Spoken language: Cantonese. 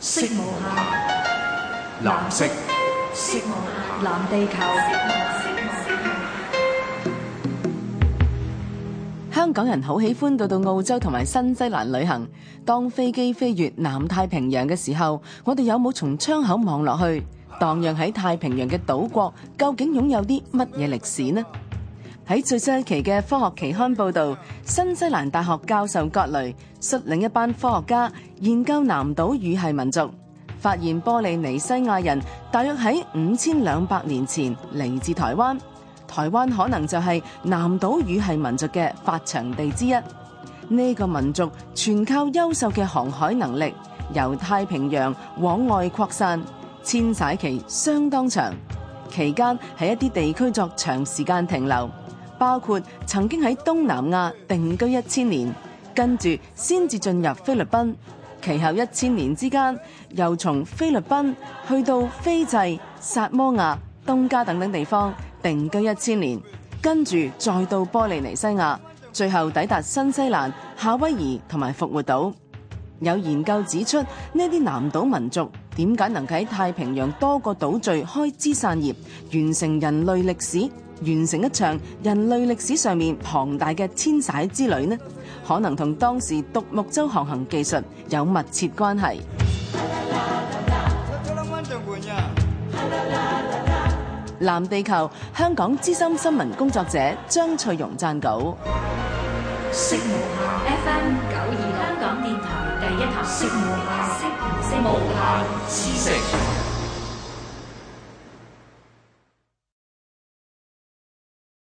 色無下，藍色。色無限，藍地球。地球，香港人好喜歡到到澳洲同埋新西蘭旅行。當飛機飛越南太平洋嘅時候，我哋有冇從窗口望落去，蕩漾喺太平洋嘅島國，究竟擁有啲乜嘢歷史呢？喺最新一期嘅《科學期刊》報道，新西蘭大學教授葛雷率領一班科學家研究南島語系民族，發現波利尼西亞人大約喺五千兩百年前嚟自台灣，台灣可能就係南島語系民族嘅發祥地之一。呢個民族全靠優秀嘅航海能力，由太平洋往外擴散，遷徙期相當長，期間喺一啲地區作長時間停留。包括曾經喺東南亞定居一千年，跟住先至進入菲律賓，其後一千年之間又從菲律賓去到斐濟、薩摩亞、東加等等地方定居一千年，跟住再到波利尼西亞，最後抵達新西蘭、夏威夷同埋復活島。有研究指出，呢啲南島民族點解能喺太平洋多個島嶼開枝散葉，完成人類歷史，完成一場人類歷史上面龐大嘅遷徙之旅呢，可能同當時獨木舟航行技術有密切關係。藍地球，香港資深新聞工作者張翠蓉撰稿：。